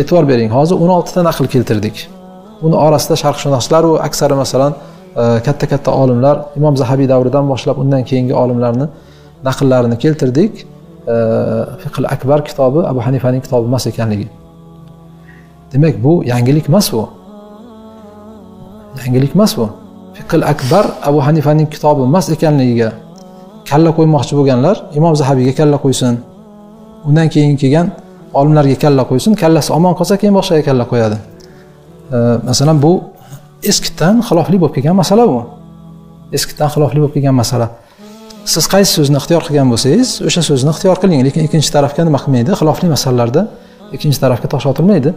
e'tibor bering hozir o'n oltita naql keltirdik buni orasida sharqshunoslaru aksari masalan e, katta katta olimlar imom zahabiy davridan boshlab undan keyingi olimlarni naqllarini keltirdik e, fiql akbar kitobi abu hanifaning kitobi emas ekanligi demak bu yangilik emas bu yangilik emas bu fiql akbar abu hanifaning kitobi emas ekanligiga kalla qo'ymoqchi bo'lganlar imom zahabiyga kalla qo'ysin undan keyin kelgan olimlarga kalla qo'ysin kallasi omon qolsa keyin boshqaga kalla qo'yadi masalan bu eskidan xilofli bo'lib kelgan masala bu eskidan xilofli bo'lib kelgan masala siz qaysi so'zni ixtiyor qilgan bo'lsangiz o'sha so'zni ixtiyor qiling lekin ikkinchi tarafga nima qilmaydi xilofli masalalarda ikkinchi tarafga tosh otilmaydi